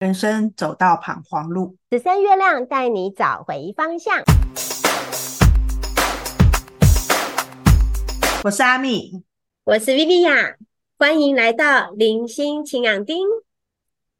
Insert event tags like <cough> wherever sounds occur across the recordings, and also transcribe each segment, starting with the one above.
人生走到彷徨路，十三月亮帶你找回方向。我是阿米，我是薇薇亞，歡迎來到人生 A 青紅燈。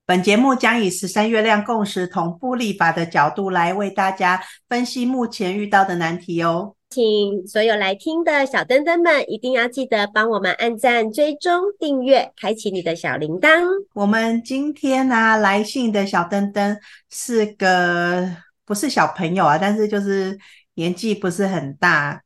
本節目將以十三月亮共時同步曆法的角度來為大家分析目前遇到的難題哦。請所有來聽的小燈燈們，一定要記得幫我們按讚、追蹤、訂閱、開啟你的小鈴鐺。我們今天啊，來信的小燈燈是個不是小朋友啊，但是就是年紀不是很大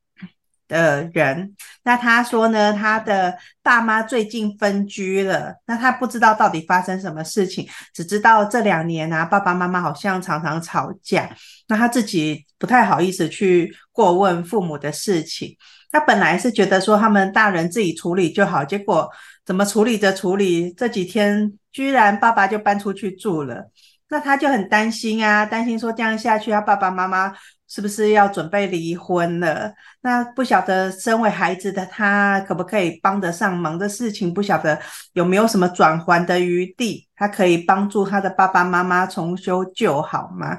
的人，那他說呢？他的爸媽最近分居了，那他不知道到底發生什麼事情，只知道這兩年啊，爸爸媽媽好像常常吵架，那他自己不太好意思去過問父母的事情。他本來是覺得說他們大人自己處理就好，結果怎麼處理着處理，這幾天居然爸爸就搬出去住了，那他就很擔心啊，擔心說這樣下去，他爸爸媽媽。是不是要準備離婚了？那不曉得身為孩子的他可不可以幫得上忙的事情，不曉得有沒有什麼轉圜的餘地，他可以幫助他的爸爸媽媽重修舊好嗎？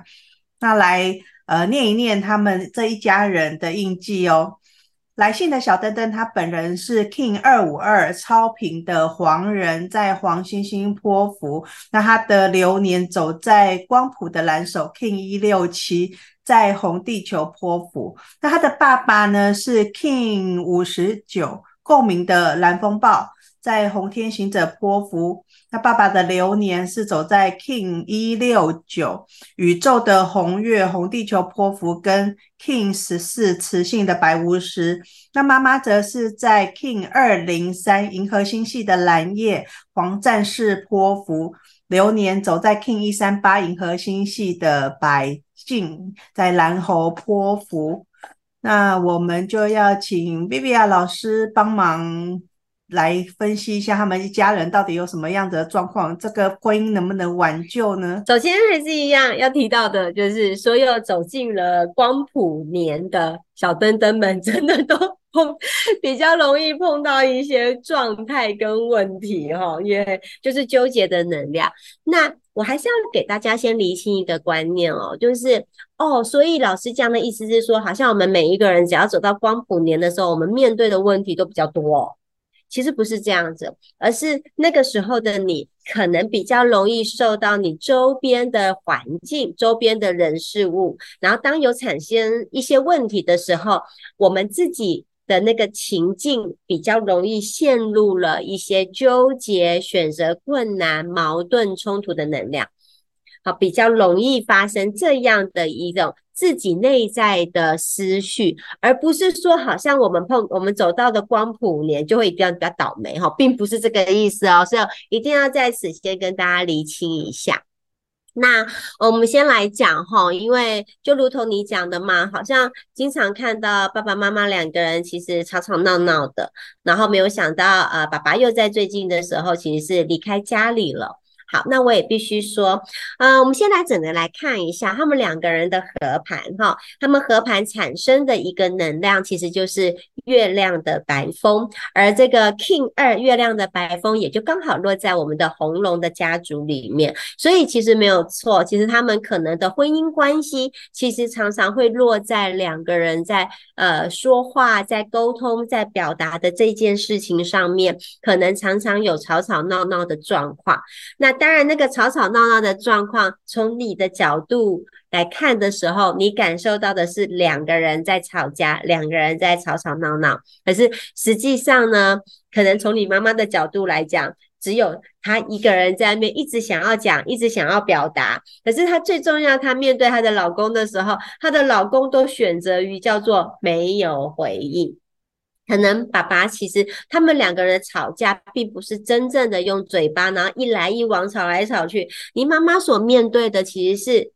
那來呃念一念他們這一家人的印記哦。來信的小燈燈，他本人是 King 二五二，超頻的黃人，在黃星星波符。那他的流年走在光譜的藍手，King 一六七，在紅地球波符，那他的爸爸呢，是 King 五十九共鳴的藍風暴，在紅天行者波符，他爸爸的流年是走在 King 一六九宇宙的紅月紅地球波符跟 King 十四磁性的白巫師，那媽媽則是在 King 二零三銀河星系的藍夜黃戰士波符，流年走在 King 一三八銀河星系的白。靜在藍河潑婦，那我們就要請 Viviya 老師幫忙來分析一下他們一家人到底有什麼樣的狀況，這個婚姻能不能挽救呢？首先還是一樣要提到的，就是所有走進了光譜年的小燈燈們，真的都。 <laughs> 碰比較容易碰到一些狀態跟問題哈，因為就是糾結的能量。那我還是要給大家先理清一個觀念哦，就是哦，所以老師這樣的意思是說，好像我們每一個人只要走到光譜年的時候，我們面對的問題都比較多。其實不是這樣子，而是那個時候的你，可能比較容易受到你周邊的環境、周邊的人事物，然後當有產生一些問題的時候，我們自己。的那個情境比較容易陷入了一些糾結、選擇困難、矛盾衝突的能量，好，比較容易發生這樣的一種自己內在的思緒，而不是說好像我們碰我們走到的光譜年就會一定要比較倒霉哈、哦，並不是這個意思哦，所以一定要在此先跟大家釐清一下。那我們先來講齁，因為就如同你講的嘛，好像經常看到爸爸媽媽兩個人其實吵吵鬧鬧的，然後沒有想到，呃，爸爸又在最近的時候其實是離開家裡了。好，那我也必須說，呃，我們先來整個來看一下他們兩個人的合盤哈，他們合盤產生的一個能量，其實就是月亮的白風，而這個 Kin 二月亮的白風也就剛好落在我們的紅龍的家族裡面，所以其實沒有錯，其實他們可能的婚姻關係，其實常常會落在兩個人在呃說話、在溝通、在表達的這件事情上面，可能常常有吵吵鬧鬧的狀況，那。當然，那個吵吵鬧鬧的狀況，從你的角度來看的時候，你感受到的是兩個人在吵架，兩個人在吵吵鬧鬧。可是實際上呢，可能從你媽媽的角度來講，只有她一個人在那邊一直想要講，一直想要表達。可是她最重要，她面對她的老公的時候，她的老公都選擇於叫做沒有回應。可能爸爸其實他們兩個人吵架，並不是真正的用嘴巴，然後一來一往吵來吵去。你媽媽所面對的，其實是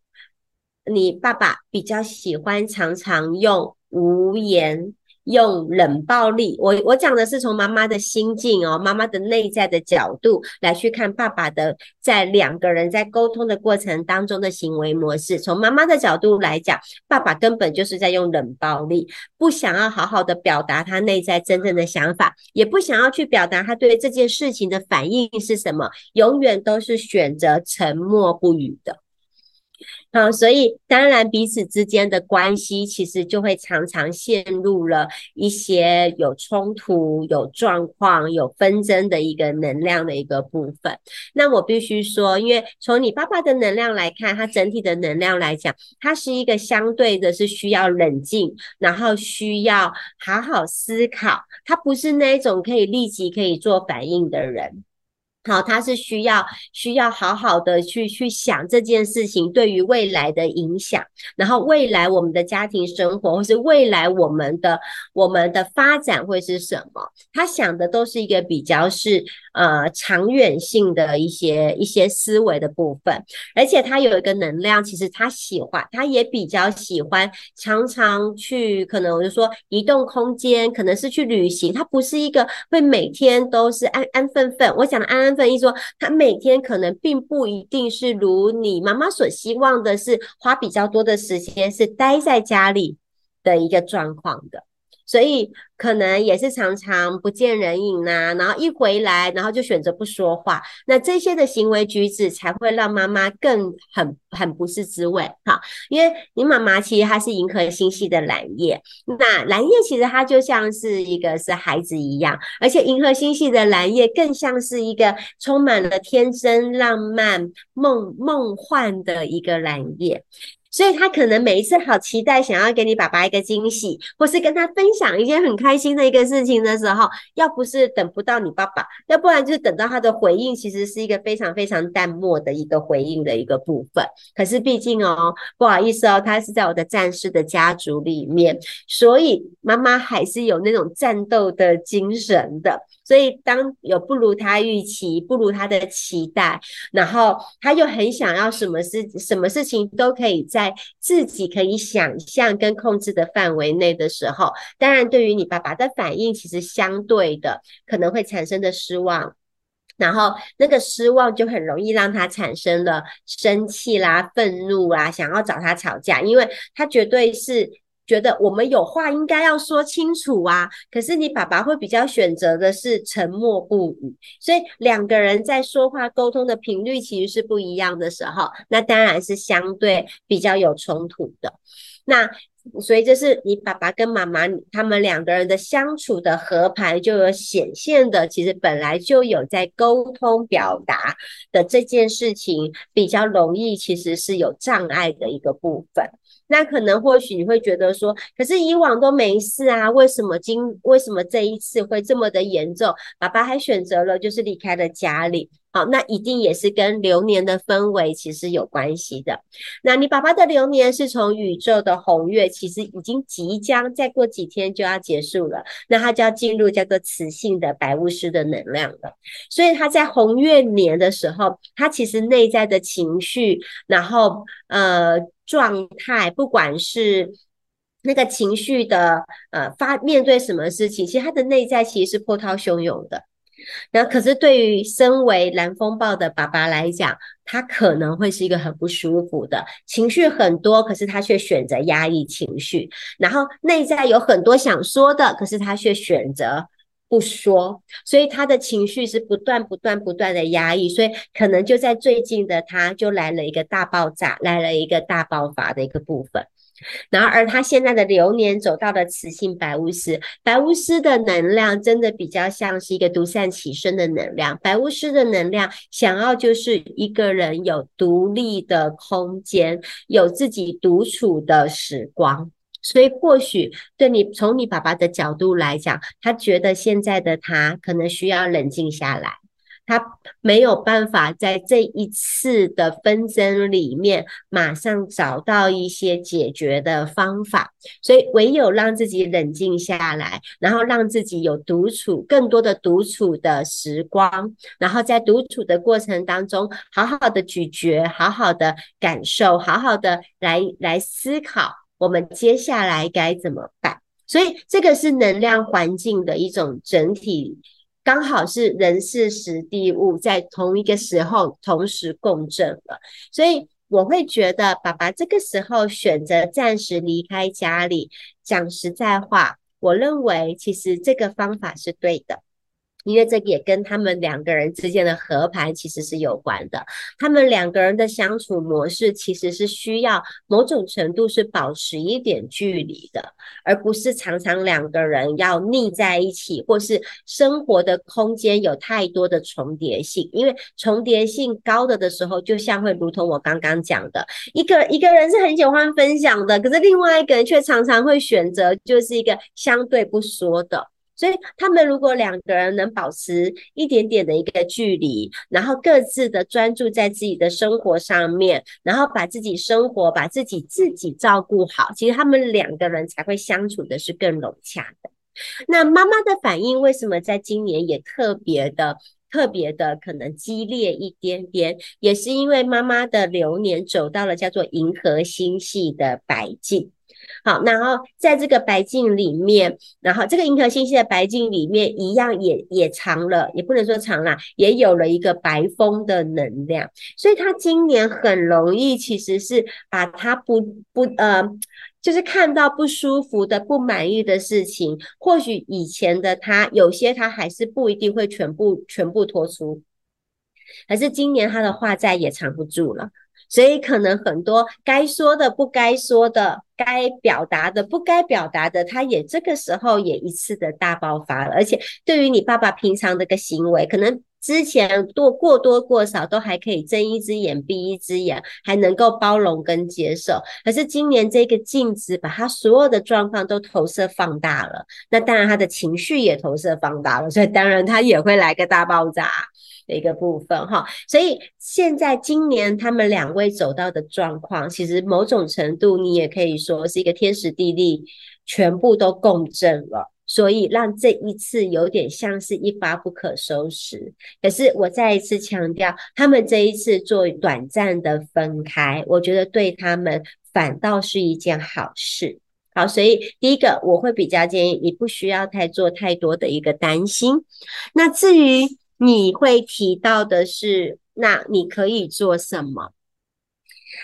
你爸爸比較喜歡常常用無言。用冷暴力，我我講的是從媽媽的心境哦，媽媽的內在的角度來去看爸爸的，在兩個人在溝通的過程當中的行為模式。從媽媽的角度來講，爸爸根本就是在用冷暴力，不想要好好的表達他內在真正的想法，也不想要去表達他對這件事情的反應是什麼，永遠都是選擇沉默不語的。好、哦，所以當然彼此之間的關係，其實就會常常陷入了一些有衝突、有狀況、有紛爭的一個能量的一個部分。那我必須說，因為從你爸爸的能量來看，他整體的能量來講，他是一個相對的是需要冷靜，然後需要好好思考，他不是那一種可以立即可以做反應的人。好，他是需要需要好好的去去想這件事情對於未來的影響，然後未來我們的家庭生活，或是未來我們的我們的發展會是什麼？他想的都是一個比較是呃長遠性的一些一些思維的部分，而且他有一個能量，其實他喜歡，他也比較喜歡，常常去可能我就說移動空間，可能是去旅行，他不是一個會每天都是安安分分，我想的安安。分析說，他每天可能並不一定是如你媽媽所希望的，是花比較多的時間是待在家裡的一個狀況的。所以可能也是常常不見人影吶、啊，然後一回來，然後就選擇不說話，那這些的行為舉止才會讓媽媽更很很不是滋味哈。因為你媽媽其實她是銀河星系的藍夜，那藍夜其實它就像是一個是孩子一樣，而且銀河星系的藍夜更像是一個充滿了天真、浪漫、夢夢幻的一個藍夜。所以他可能每一次好期待，想要給你爸爸一個驚喜，或是跟他分享一件很開心的一個事情的時候，要不是等不到你爸爸，要不然就是等到他的回應，其實是一個非常非常淡漠的一個回應的一個部分。可是畢竟哦，不好意思哦，他是在我的戰士的家族裡面，所以媽媽還是有那種戰鬥的精神的。所以當有不如他預期，不如他的期待，然後他又很想要什麼事，什麼事情都可以在。自己可以想象跟控制的範圍內的時候，當然對於你爸爸的反應，其實相對的可能會產生的失望，然後那個失望就很容易讓他產生了生氣啦、憤怒啦，想要找他吵架，因為他絕對是。覺得我們有話應該要說清楚啊，可是你爸爸會比較選擇的是沉默不語，所以兩個人在說話溝通的頻率其實是不一樣的時候，那當然是相對比較有衝突的。那。所以，這是你爸爸跟媽媽他們兩個人的相處的合盤就有顯現的。其實本來就有在溝通表達的這件事情比較容易，其實是有障礙的一個部分。那可能或許你會覺得說，可是以往都沒事啊，為什麼今為什麼這一次會這麼的嚴重？爸爸還選擇了就是離開了家裡。好，那一定也是跟流年的氛圍其實有關係的。那你爸爸的流年是從宇宙的紅月，其實已經即將再過幾天就要結束了，那他就要進入叫做磁性的白巫師的能量了。所以他在紅月年的時候，他其實內在的情緒，然後呃狀態，不管是那個情緒的呃發面對什麼事情，其實他的內在其實是波濤洶湧的。那可是對於身為藍風暴的爸爸來講，他可能會是一個很不舒服的，情緒很多，可是他卻選擇壓抑情緒，然後內在有很多想說的，可是他卻選擇不說，所以他的情緒是不斷、不斷、不斷的壓抑，所以可能就在最近的，他就來了一個大爆炸，來了一個大爆發的一個部分。然後，而他現在的流年走到了磁性白巫師，白巫師的能量真的比較像是一個獨善其身的能量。白巫師的能量想要就是一個人有獨立的空間，有自己獨處的時光。所以，或許對你從你爸爸的角度來講，他覺得現在的他可能需要冷靜下來。他沒有辦法在這一次的紛爭裡面馬上找到一些解決的方法，所以唯有讓自己冷靜下來，然後讓自己有獨處更多的獨處的時光，然後在獨處的過程當中，好好的咀嚼，好好的感受，好好的來來思考我們接下來該怎麼辦。所以這個是能量環境的一種整體。剛好是人事時地物在同一個時候同時共振了，所以我會覺得爸爸這個時候選擇暫時離開家裡，講實在話，我認為其實這個方法是對的。因為這個也跟他們兩個人之間的合盤其實是有關的，他們兩個人的相處模式其實是需要某種程度是保持一點距離的，而不是常常兩個人要膩在一起，或是生活的空間有太多的重疊性。因為重疊性高的的時候，就像會如同我剛剛講的，一個一個人是很喜歡分享的，可是另外一個人卻常常會選擇就是一個相對不說的。所以他們如果兩個人能保持一點點的一個距離，然後各自的專注在自己的生活上面，然後把自己生活把自己自己照顧好，其實他們兩個人才會相處的是更融洽的。那媽媽的反應為什麼在今年也特別的特別的可能激烈一點點，也是因為媽媽的流年走到了叫做銀河星系的白鏡。好，然後在這個白鏡裡面，然後這個銀河星系的白鏡裡面，一樣也也藏了，也不能說藏啦，也有了一個白風的能量，所以他今年很容易，其實是把他不不呃，就是看到不舒服的、不滿意的事情，或許以前的他有些他還是不一定會全部全部托出，可是今年他的話再也藏不住了。所以，可能很多該說的、不該說的，該表達的、不該表達的，他也這個時候也一次的大爆發了。而且，對於你爸爸平常的個行為，可能之前多過多過少都還可以睜一隻眼閉一隻眼，還能夠包容跟接受。可是今年這個鏡子把他所有的狀況都投射放大了，那當然他的情緒也投射放大了，所以當然他也會來個大爆炸。的一個部分哈，所以現在今年他們兩位走到的狀況，其實某種程度你也可以說是一個天時地利，全部都共振了，所以讓這一次有點像是一發不可收拾。可是我再一次強調，他們這一次做短暫的分開，我覺得對他們反倒是一件好事。好，所以第一個我會比較建議你不需要太做太多的一個擔心。那至於，你會提到的是，那你可以做什麼？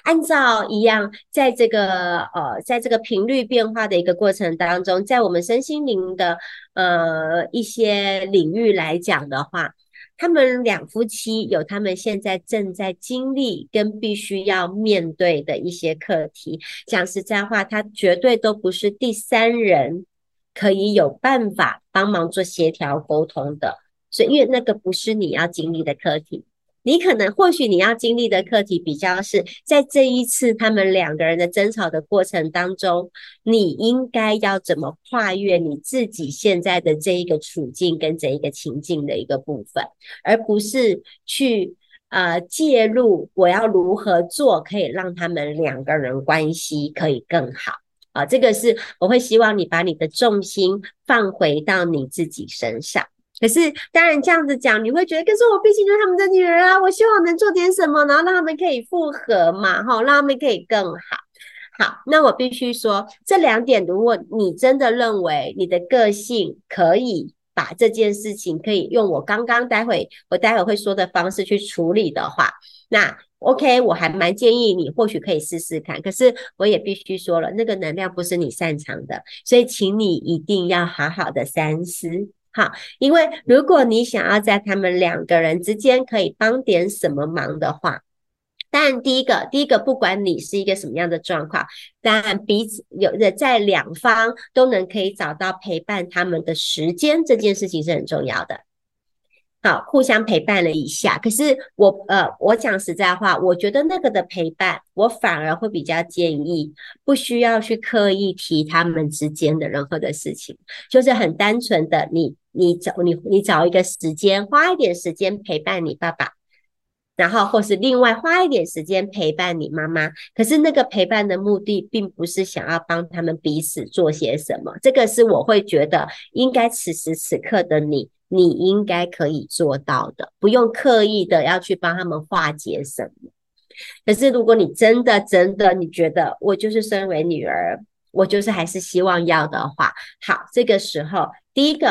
按照一樣，在這個呃，在這個頻率變化的一個過程當中，在我們身心靈的呃一些領域來講的話，他們兩夫妻有他們現在正在經歷跟必須要面對的一些課題。講實在話，他絕對都不是第三人可以有辦法幫忙做協調溝通的。所以，因為那個不是你要經歷的課題，你可能或許你要經歷的課題比較是，在這一次他們兩個人的爭吵的過程當中，你應該要怎麼跨越你自己現在的這一個處境跟這一個情境的一個部分，而不是去呃介入，我要如何做可以讓他們兩個人關係可以更好啊？這個是我會希望你把你的重心放回到你自己身上。可是，當然這樣子講，你會覺得，可是我畢竟是他們的女兒啊，我希望能做點什麼，然後讓他們可以復合嘛，齁，讓他們可以更好。好，那我必須說，這兩點，如果你真的認為你的個性可以把這件事情，可以用我剛剛待會我待會會說的方式去處理的話，那 OK，我還蠻建議你，或許可以試試看。可是我也必須說了，那個能量不是你擅長的，所以請你一定要好好的三思。好，因為如果你想要在他們兩個人之間可以幫點什麼忙的話，但第一個，第一個不管你是一個什麼樣的狀況，但彼此有的在兩方都能可以找到陪伴他們的時間，這件事情是很重要的。好，互相陪伴了一下。可是我，呃，我講實在話，我覺得那個的陪伴，我反而會比較建議，不需要去刻意提他們之間的任何的事情，就是很單純的你，你找你找你你找一個時間，花一點時間陪伴你爸爸，然後或是另外花一點時間陪伴你媽媽。可是那個陪伴的目的，並不是想要幫他們彼此做些什麼。這個是我會覺得，應該此時此刻的你。你應該可以做到的，不用刻意的要去幫他們化解什麼。可是，如果你真的、真的，你覺得我就是身為女兒，我就是還是希望要的話，好，這個時候，第一個，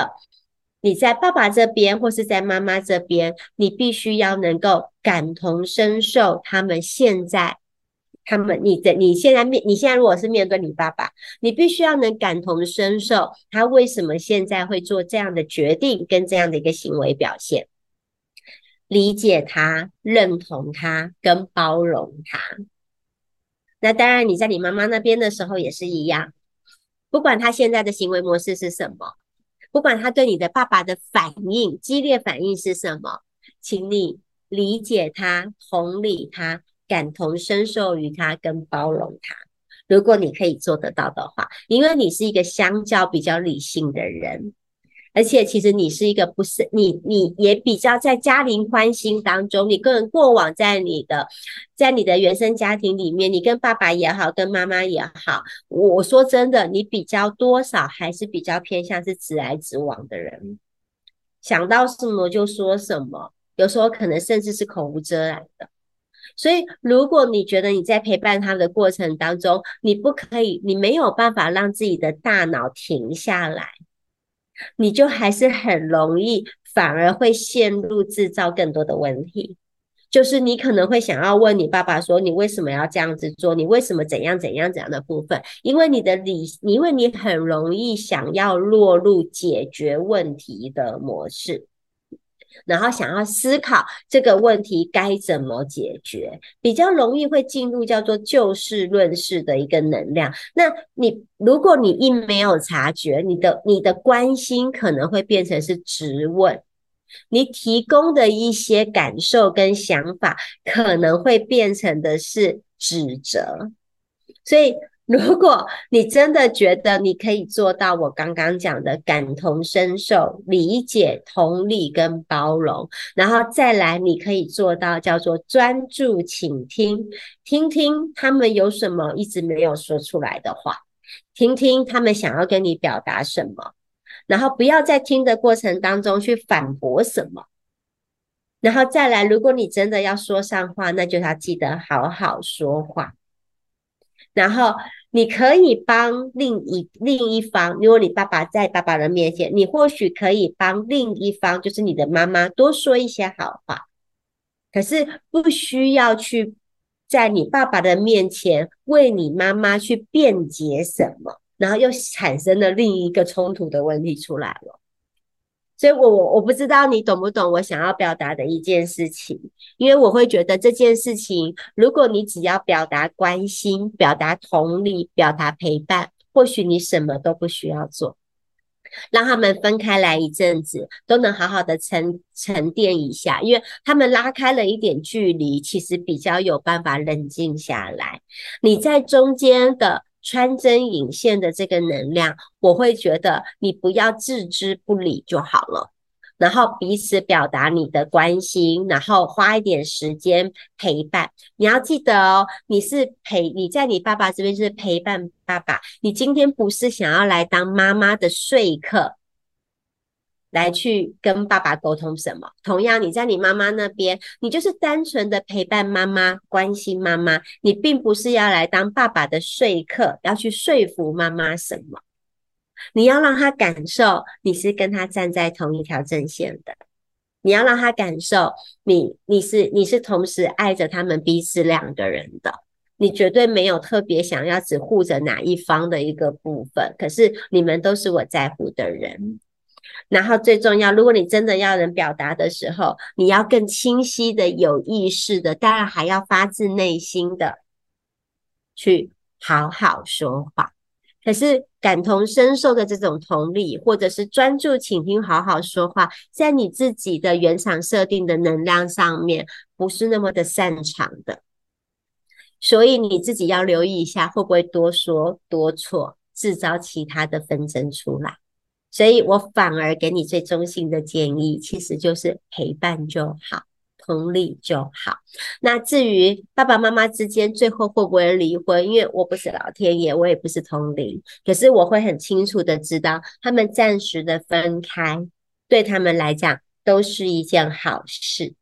你在爸爸這邊或是在媽媽這邊，你必須要能夠感同身受他們現在。他們，你在你現在面你現在如果是面對你爸爸，你必須要能感同身受，他為什麼現在會做這樣的決定，跟這樣的一個行為表現，理解他，認同他，跟包容他。那當然，你在你媽媽那邊的時候也是一樣，不管他現在的行為模式是什麼，不管他對你的爸爸的反應，激烈反應是什麼，請你理解他，同理他。感同身受於他，跟包容他。如果你可以做得到的話，因為你是一個相較比較理性的人，而且其實你是一個不是你，你也比較在家庭歡心當中。你個人過往在你的在你的原生家庭裡面，你跟爸爸也好，跟媽媽也好，我說真的，你比較多少還是比較偏向是直來直往的人，想到什麼就說什麼，有時候可能甚至是口無遮攔的。所以，如果你覺得你在陪伴他的過程當中，你不可以，你沒有辦法讓自己的大腦停下來，你就還是很容易，反而會陷入製造更多的問題。就是你可能會想要問你爸爸說，你為什麼要這樣子做？你為什麼怎樣怎樣怎樣的部分？因為你的理，因為你很容易想要落入解決問題的模式。然後想要思考這個問題該怎麼解決，比較容易會進入叫做就事論事的一個能量。那你如果你一沒有察覺，你的你的關心可能會變成是質問，你提供的一些感受跟想法可能會變成的是指責，所以。如果你真的覺得你可以做到我剛剛講的感同身受、理解、同理跟包容，然後再來，你可以做到叫做專注傾聽，聽聽他們有什麼一直沒有說出來的話，聽聽他們想要跟你表達什麼，然後不要在聽的過程當中去反駁什麼。然後再來，如果你真的要說上話，那就要記得好好說話。然後你可以幫另一另一方，如果你爸爸在爸爸的面前，你或許可以幫另一方，就是你的媽媽多說一些好話。可是不需要去在你爸爸的面前為你媽媽去辯解什麼，然後又產生了另一個衝突的問題出來了。所以我，我我我不知道你懂不懂我想要表達的一件事情，因為我會覺得這件事情，如果你只要表達關心，表達同理，表達陪伴，或許你什麼都不需要做，讓他們分開來一陣子，都能好好的沉沉澱一下，因為他們拉開了一點距離，其實比較有辦法冷靜下來。你在中間的。穿針引線的這個能量，我會覺得你不要置之不理就好了。然後彼此表達你的關心，然後花一點時間陪伴。你要記得哦，你是陪你在你爸爸這邊是陪伴爸爸。你今天不是想要來當媽媽的說客。來去跟爸爸溝通什麼？同樣，你在你媽媽那邊，你就是單純的陪伴媽媽、關心媽媽。你並不是要來當爸爸的說客，要去說服媽媽什麼。你要讓他感受你是跟他站在同一條陣線的。你要讓他感受你，你是你是同時愛着他們彼此兩個人的。你絕對沒有特別想要只護着哪一方的一個部分。可是你們都是我在乎的人。然後最重要，如果你真的要人表達的時候，你要更清晰的、有意識的，當然還要發自內心的去好好說話。可是感同身受的這種同理，或者是專注傾聽、好好說話，在你自己的原廠設定的能量上面，不是那麼的擅長的，所以你自己要留意一下，會不會多說多錯，制造其他的紛爭出來。所以我反而給你最衷心的建議，其實就是陪伴就好，同理就好。那至於爸爸媽媽之間最後會不會離婚，因為我不是老天爺，我也不是通靈，可是我會很清楚的知道，他們暫時的分開，對他們來講都是一件好事，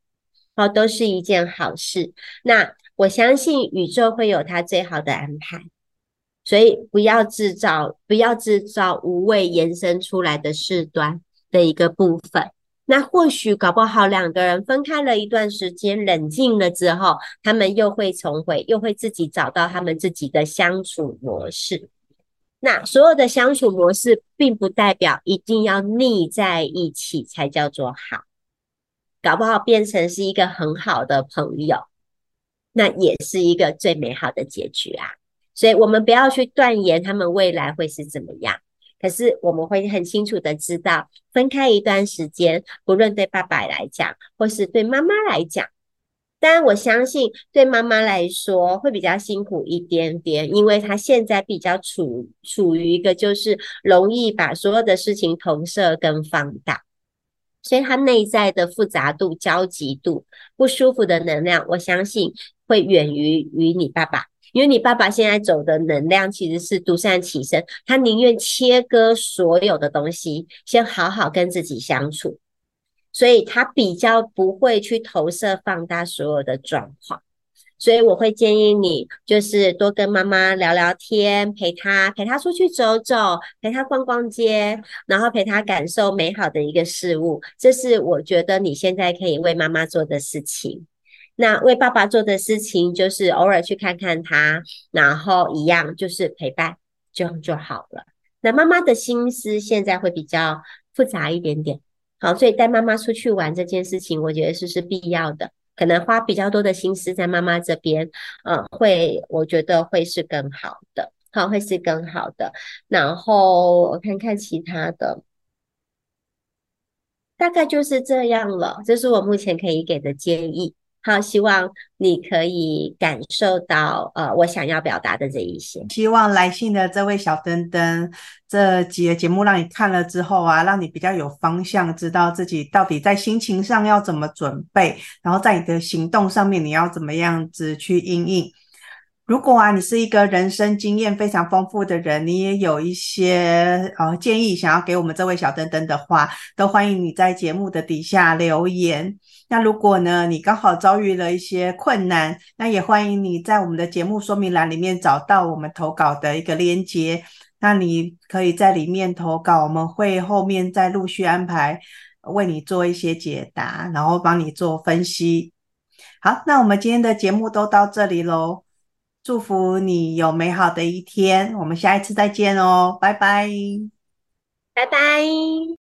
哦，都是一件好事。那我相信宇宙會有它最好的安排。所以不要製造，不要製造無謂延伸出來的事端的一個部分。那或許搞不好兩個人分開了一段時間，冷靜了之後，他們又會重回，又會自己找到他們自己的相處模式。那所有的相處模式，並不代表一定要膩在一起才叫做好。搞不好變成是一個很好的朋友，那也是一個最美好的結局啊。所以，我們不要去斷言他們未來會是怎麼樣。可是，我們會很清楚的知道，分開一段時間，不論對爸爸來講，或是對媽媽來講，當然，我相信對媽媽來說會比較辛苦一點點，因為她現在比較處處於一個就是容易把所有的事情投射跟放大，所以她內在的複雜度、焦急度、不舒服的能量，我相信會遠於與你爸爸。因為你爸爸現在走的能量其實是獨善其身，他寧願切割所有的東西，先好好跟自己相處，所以他比較不會去投射放大所有的狀況。所以我會建議你，就是多跟媽媽聊聊天，陪他，陪他出去走走，陪他逛逛街，然後陪他感受美好的一個事物。這是我覺得你現在可以為媽媽做的事情。那為爸爸做的事情就是偶爾去看看他，然後一樣就是陪伴就，這樣就好了。那媽媽的心思現在會比較複雜一點點，好，所以帶媽媽出去玩這件事情，我覺得是是必要的，可能花比較多的心思在媽媽這邊，嗯、呃，會，我覺得會是更好的，好，會是更好的。然後我看看其他的，大概就是這樣了，這是我目前可以給的建議。好，希望你可以感受到，呃，我想要表達的這一些。希望來信的這位小燈燈，這幾節節目讓你看了之後啊，讓你比較有方向，知道自己到底在心情上要怎麼準備，然後在你的行動上面你要怎麼樣子去因應。如果啊，你是一個人生經驗非常豐富的人，你也有一些呃、哦、建議想要給我們這位小燈燈的話，都歡迎你在節目的底下留言。那如果呢，你剛好遭遇了一些困難，那也歡迎你在我們的節目說明欄裡面找到我們投稿的一個鏈接，那你可以在裡面投稿，我們會後面再陸續安排為你做一些解答，然後幫你做分析。好，那我們今天的節目都到這裡嘍。祝福你有美好的一天，我們下一次再見哦，拜拜，拜拜。